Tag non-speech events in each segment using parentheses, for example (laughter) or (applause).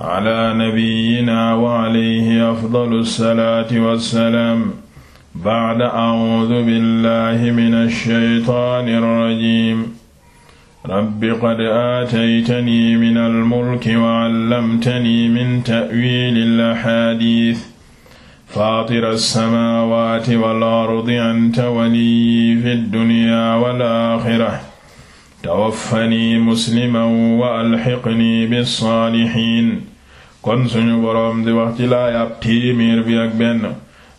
ala nabiyyina wa alayhi afdalu salaati wa salaam ba'da a'uudu billahi mina shaytaani rajiim rabbi qad aataytanii minal mulki wa 'allamtanii min ta'wiilil ahaadiis faatira samaawaati wal ardi anta waliyyi fid dunyaa wal aaxira tawaffanii musliman wa alhiqnii bis saalihiin kon suñu boroom di wax ci laayaab téeméer bi ak benn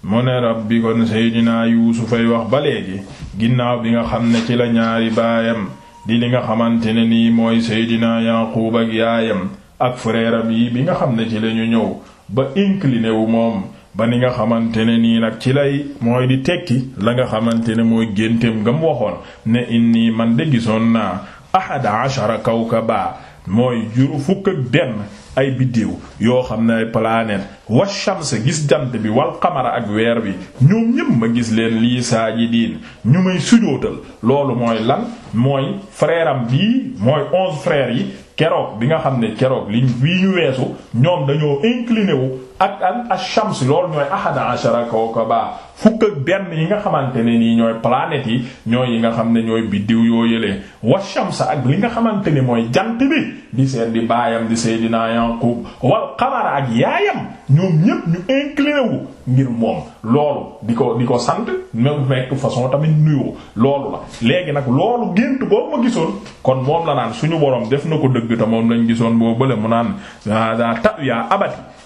mu ne rabbi kon seydinaa yuusufay wax ba léegi ginnaaw bi nga xam ne ci la ñaari baayam di li nga xamante ne nii mooy seydinaa yaaqub ak yaayam ak frère yi bi nga xam ne ci lañu ñëw ba incliné wu moom ba li nga xamante ne nii nag ci lay mooy di tekki la nga xamante ne mooy génteem ngam waxoon ne indi man de gisoon naa ahada ashara kawkaba mooy juru fukk ak benn ay biddiw yoo xam ne ay planète wa gis jant bi wal qamara ak weer bi ñoom ñëpp ma gis leen lii saajidiin ñu may sujootal loolu mooy lan mooy frère am bii mooy onze frères yi keroog bi nga xam ne keroog liñ bii ñu weesu ñoom dañoo incliné wu ak ak ash-shams loolu ñooy ahada ashara kawkaba fukk ak benn yi nga xamante ne nii ñooy planètes yi ñooy yi nga xam ne ñooy biddiw yoo yëlee wa shamsa ak li nga xamante ne mooy jant bi bi seen di baayam di sayidina yaqub wal qamara ak yaayam ñoom ñépp ñu incliné wu ngir moom loolu di ko di ko sant même mekk façon tamit nuyoo loolu la léegi nag loolu gént boobu ma gisoon kon moom la naan suñu borom def na ko dëgg te moom lañ gisoon boo bële mu naan hada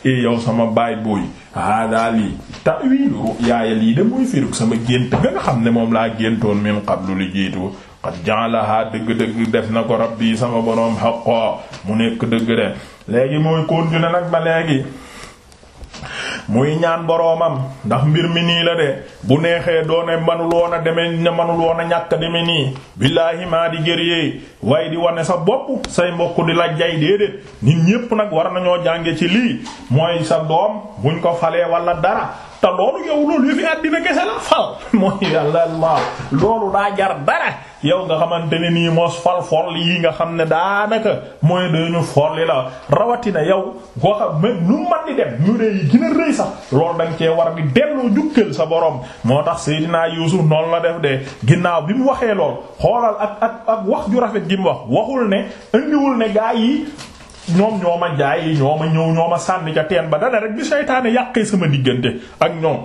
e yow sama baay booy hada lii ta'wilu ru'yaaya lii de mooy firuk sama gént ga nga xam ne moom laa géntoon min qablu li jiitu qad ja'alaha dëgg-dëgg def na ko rab rabbi sama boroom haqqan mu nekk dëgg de léegi mooy continuer nag ba léegi muy ñaan boroomam ndax mbir mi nii la de bu neexee doone manul woon a demee ne manul woon ñàkk deme nii billaahi maa di gërëyee waaye di wane sa bopp say mbokku di la jay déedéet nit ñépp nag war nañoo jànge ci lii mooy sa doom buñ ko falee walla dara te loolu yow loolu yu fi àddina kese la fal (laughs) mooy yàlla waaw loolu daa jar dara yow nga xamante ne nii moos fal forli yi nga xam ne daanaka mooy dañu forli la rawatina yow koo xam ne nu man di dem ñu rëy gën a rëy sax loolu da nga cee war di delloo jukkal sa borom moo tax sey Seydina Yuusuf noonu la def de ginnaaw bi mu waxee lool xoolal ak ak ak wax ju rafet gi mu wax waxul ne indiwul ne gaa yi. ñoom ñoo ma jaay ñoo ma ñëw ñoo ma sànni teen ba dana rek bi seytaane yàqee sama diggante ak ñoom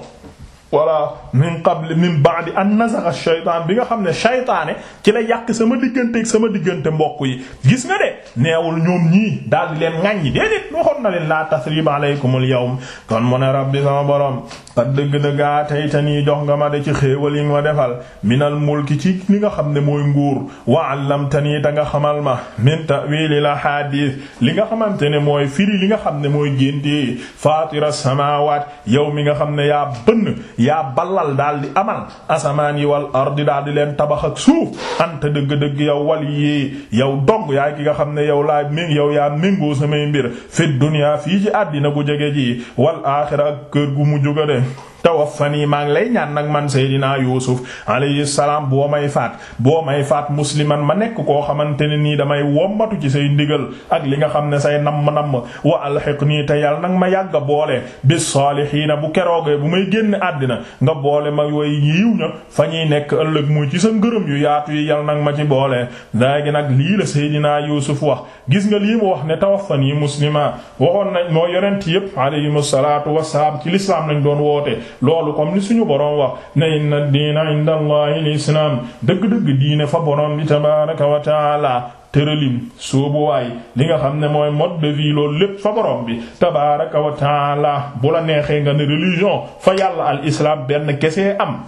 wala min qabl min ba'di an nazaxa shaytaan bi nga xam ne shaytaane ci la yàq sama digganteeg sama diggante mbokk yi gis nga de neewul ñoom ñii daal di leen ŋàññi déedéet waxoon na leen laa tasrib alaykumul yawm kon mu ne rabbi sama borom kat dëgg-dëgg a taytanii jox nga ma de ci xéewal yi nga ma defal minal mulki ci li nga xam ne mooy nguur wa allamtanii ta nga xamal ma min ta'wilil ahadith li nga xamante ne mooy firi li nga xam ne mooy génte fatira samawat yow mi nga xam ne yaa bënn yaa ballal daal di amal asamaan yi wal ardi daal di leen tabax ak suuf anta dëgg-dëgg yow wal yi yow dong yaay ki nga xam ne yow laa mé yow yaa méngoo samay mbir fi dunya fii ci àddina gu jege ji wal aaxira ak kër gu mu jóga tawaffani maa ngi lay ñaan nag man Seydina Yuusuf alayhi salaam boo may faat boo may faat musliman ma nekk koo xamante ne nii damay wommatu ci say ndigal ak li nga xam ne say namm-namm wa alhiqnii te yàlla nag ma yàgg a boole bis saalihiina bu keroogee bu may génn àddina nga boole ma way yiw ña fa ñuy nekk ëllëg muy ci sa ngërëm yu yaatu yi yàlla nag ma ci boole léegi nag lii la Seydina Yuusuf wax gis nga lii mu wax ne tawaffani muslima waxoon nañ moo yonent yépp alayhimu salaatu wassalaam ci lislaam lañ doon woote loolu comme ni suñu boroom wax ne inna diina inda allahi lislaam dëgg-dëgg diine fa boroom bi tabaaraka wa taala tëralim soobuwaay li nga xam ne mooy mode de vie loolu lépp fa borom bi tabaaraka wa taala bu la neexee nga ne religion fa yàlla al benn kese am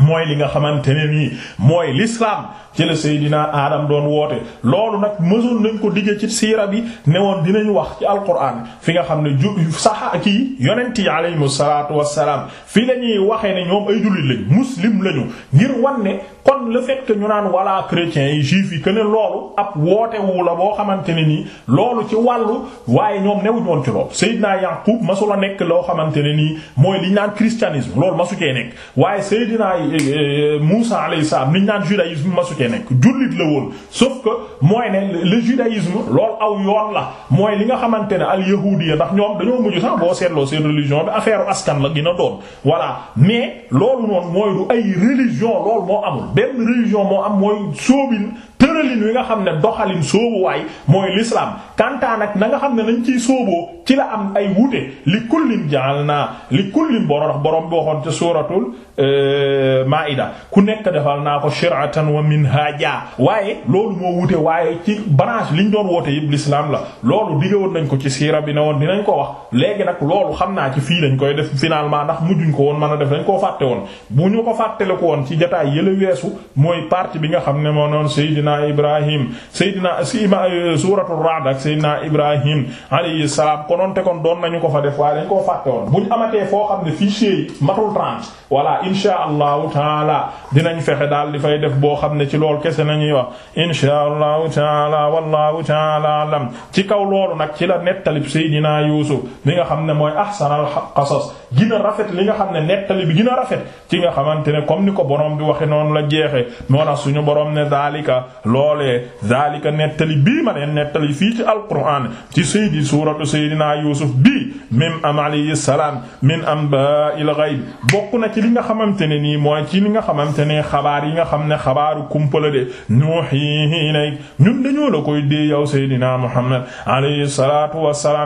mooy li nga xamante ne nii mooy l'islam ci la Seydina Adam doon woote loolu nag mësoon nañ ko digge ci siira bi ne woon dinañ wax ci alquran fi nga xam ne ju sax kii yonent yi aleyhimu salaatu wassalaam fi la ñuy waxee ne ñoom ay jullit lañ muslim lañu ngir wan ne kon la fekk ñu naan walla chrétiens yi juifs yi que ne loolu ab woote la boo xamante ne nii loolu ci wàllu waaye ñoom newuñu woon ci loolu Seydina Yaqub masu la nekk loo xamante ne nii mooy liñ naan christianisme loolu masu cee nekk waaye Seydina eh, eh, Musa alayhi salaam liñ naan judaïsme masu cee nekk jullit la woon sauf que mooy ne le judaïsme lool aw yoon la mooy li nga xamante ne al yahudiya ndax ñoom dañoo mujj sax boo seetloo seen religion bi affaire askan la gën a doon voilà mais lool noonu mooy du ay religion loolu moo amul benn religion moo am mooy sóobin tëralin wi nga xam ne doxalin sóobuwaay mooy l'islam kantaan ak na nga xam ne nañ ciy sooboo ci la am ay wuute li kullin ja'alna li kullin borom borom bi waxoon ci suuratul euh, Maa'ida ku nekk defal naa ko shir'atan wa minhaaja waaye loolu moo wuute waaye ci branche liñ doon woote yëpp l'islam la loolu digg woon nañ ko ci siira bi ne woon dinañ ko wax léegi nag loolu xam naa ci fii lañ koy def finalement ndax mujjuñ ko woon mën a def dañ koo fàtte woon bu ñu ko fàttele ko woon ci jotaay yële weesu mooy partie bi nga xam ne moo noon Seydina Ibrahim Seydina Sima euh, suuratul Ra'd ak Seydina Ibrahim alayhi salaam konoon te kon doon nañu ko fa def waaye dañ koo fàtte woon bu ñu amatee foo xam ne fichier yi matul trente voilà insha allahu taala dinañ fexe daal di fay def boo xam ne ci lool kese nañuy wax insha allahu taala wallahu taala alam ci kaw loolu nag ci la nettalib dinaa Yuusuf bi nga xam ne mooy ahsanal qasas gën a rafet li nga xam ne nettali bi gën a rafet ci nga xamante ne comme ni ko borom bi waxe noonu la jeexe moo tax suñu borom ne zalika loolee zalika nettali bii ma leen nettali fii ci alquran ci saydi suratu saydina yusuf bii mim am alayhi am min anba'il ghaib bokk na ci li nga xamante ne nii mooy ci li nga xamante ne xabaar yi nga xam ne xabaaru kumpala de nuuhihi ilayk ñun dañoo la koy dee yow saydina muhammad alayhi salatu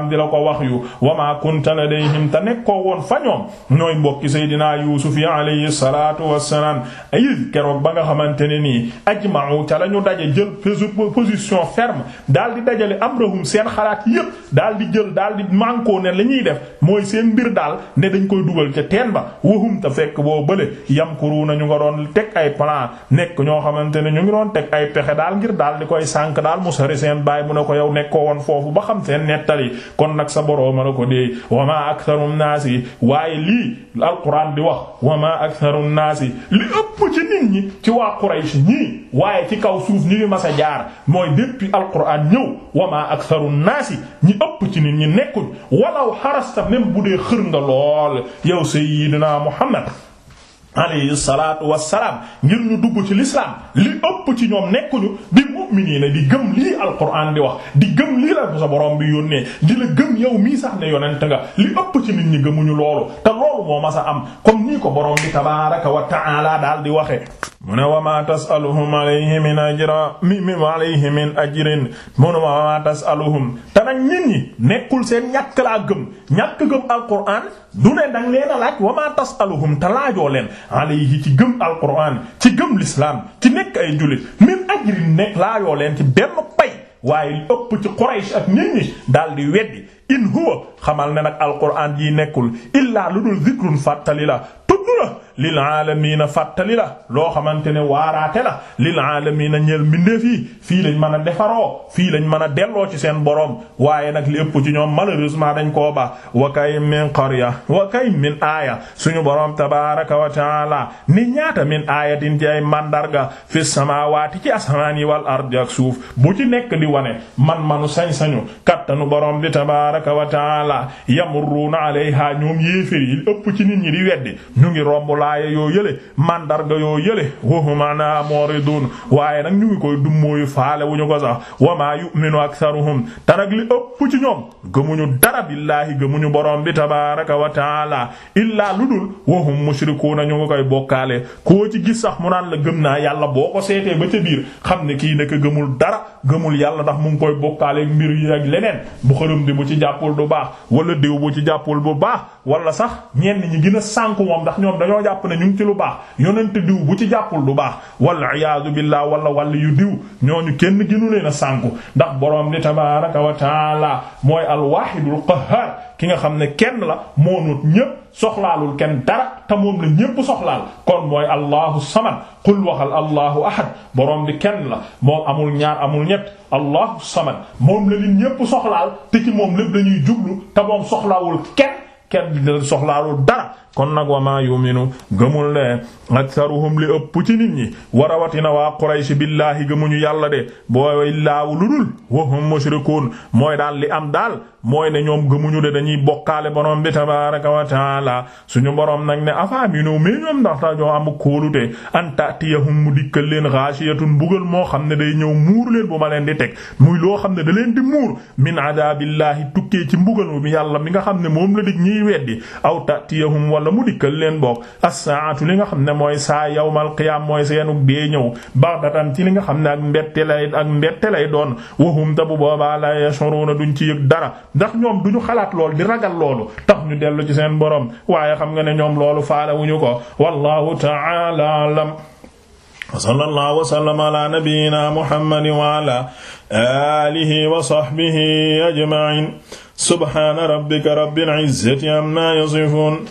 di la ko wax yu fa ñoom ñooy mbokki Seydina Yuusuf yi alayhi salaatu wassalaam ayil keroog ba nga xamante ne nii ajma'u ca la ñu daje jël position ferme daal di dajale am amrahum seen xalaat yépp daal di jël daal di mànkoo ne la ñuy def mooy seen mbir daal ne dañ koy dugal ca teen ba wahum ta fekk boo bële yamkuru na ñu nga doon teg ay plan nekk ñoo xamante ne ñu ngi doon teg ay pexe daal ngir daal di koy sànk daal mu sori seen baay mu ne ko yow nekkoo woon foofu ba xam seen nettali waaye lii alquran di wax wa ma aktharu nnaasi li ëpp ci nit ñi ci waa Quraysh ñii waaye ci kaw suuf ñu ngi mas a jaar mooy depuis alquran ñëw wa ma aktharu nnaasi ñi ëpp ci nit ñi nekkuñ walaw xarasta même bu dee lool yow sayyidina Muhammad alayhi salaatu wassalaam ngir ñu dugg ci l'islam li ëpp ci ñoom nekkuñu mu'miniina di gëm lii alquran di wax di gëm lii la sa borom bi yónnee di la gëm yow mii sax ne yonent nga li ëpp ci nit ñi gëmuñu loolu te loolu moo ma am comme nii ko borom bi tabaaraka wa ta'aala daal di waxe mu ne wa maa tasaluhum alayhi min ajra mi mi alayhi min ajrin mu ne wa maa tasaluhum te nag nekkul seen ñàkk laa gëm ñàkk gëm alquran du ne danga leen laaj wa maa tasaluhum te laajoo leen ci gëm alquran ci gëm l'islam ci nekk ay jullit min ajrin laajoo leen ci benn pay waaye li ëpp ci Quraysh ak nit ñi di weddi in huwa xamal ne nag alquran yi nekkul illaa lu dul zikrun fàttali la lil aalamiina fàttali la loo xamante ne waaraate la lil aalamiina ñeel mbindeef yi fii lañ mën a defaroo fii lañ mën a delloo ci seen boroom waaye nag li ëpp ci ñoom malheureusement dañ koo ba wa kay min qarya wa kay min aaya suñu borom tabaaraka wa taala ni ñaata min aayatin ci ay mandarga fi samaawaati ci asamaani wal ardi suuf bu ci nekk di wane man manu sañ-sañu kattanu borom bi tabaaraka wa taala yamurruuna alayha ñoom yéeféer yi ëpp ci nit ñi di laaya yoo yële mandarga yoo yële wahumana moridun waaye nag ñu ngi koy dummóoyu faale wu ñu ko sax wamaa yuminu aktharuhum te nag li ëpp ci ñoom gëmuñu dara billaahi gëmuñu borom bi tabaraka wa taala illaa lu dul wahum mushrikuuna ñu ngi koy bokkaale koo ci gis sax mu naan la gëm naa yàlla boo ko seetee ba ca biir xam ne kii nekk gëmul dara gëmul yàlla ndax mu ngi koy bokkaale mbir yi ak leneen bu xërëm di bu ci jàppul du baax wala diw bu ci jàppul a jàpp ne ñu ngi ci lu baax yonent diw bu ci jàpp du baax wala iyaadu billah wala wala yu diw ñooñu kenn gënu leen a sànku ndax borom di tabaaraka wa taala mooy alwaahidul qahhaar ki nga xam ne kenn la moo noot ñépp kenn dara te moom la ñépp soxlaal kon mooy allahu samad qul waxal allahu ahad boroom bi kenn la moom amul ñaar amul ñett allahu la li ñépp soxlaal te ci moom lépp la ñuy jublu te moom soxlaawul kenn kenn soxlaalul dara kon nag wa maa yuminu gëmul ne aksaruhum li ëpp ci nit ñi warawatina waa Quraysh billaahi gëmuñu yàlla de booy laaw lu dul wa hum mushrikuun mooy daal li am daal mooy ne ñoom gëmuñu de dañuy bokkaale borom bi tabaaraka wa taala suñu borom nag ne afaaminu mais ñoom ndax ta ñoo am kóolute an ta'tiyahum mu dikkal leen ghaashiyatun mbugal moo xam ne day ñëw muur leen bu ma leen di teg muy loo xam ne da leen di muur min adaabillahi ci mbugal mi yàlla mi nga xam ne moom la wala mu dikkal leen bokk as-saatu li nga xam ne mooy saa yawmal qiyaam mooy seenug dee ñëw baxdatan ci li nga xam ne ak mbette lay ak mbette lay doon wahum ta bu boobaa la yashuruna duñ ci yëg dara ndax ñoom duñu xalaat lool di ragal loolu tax ñu dellu ci seen borom waaye xam nga ne ñoom loolu faalewuñu ko wallahu ta'ala alam wa sallallahu wa sallama ala nabiyyina muhammadin wa ala alihi wa sahbihi ajma'in subhana rabbika rabbil izzati amma yasifun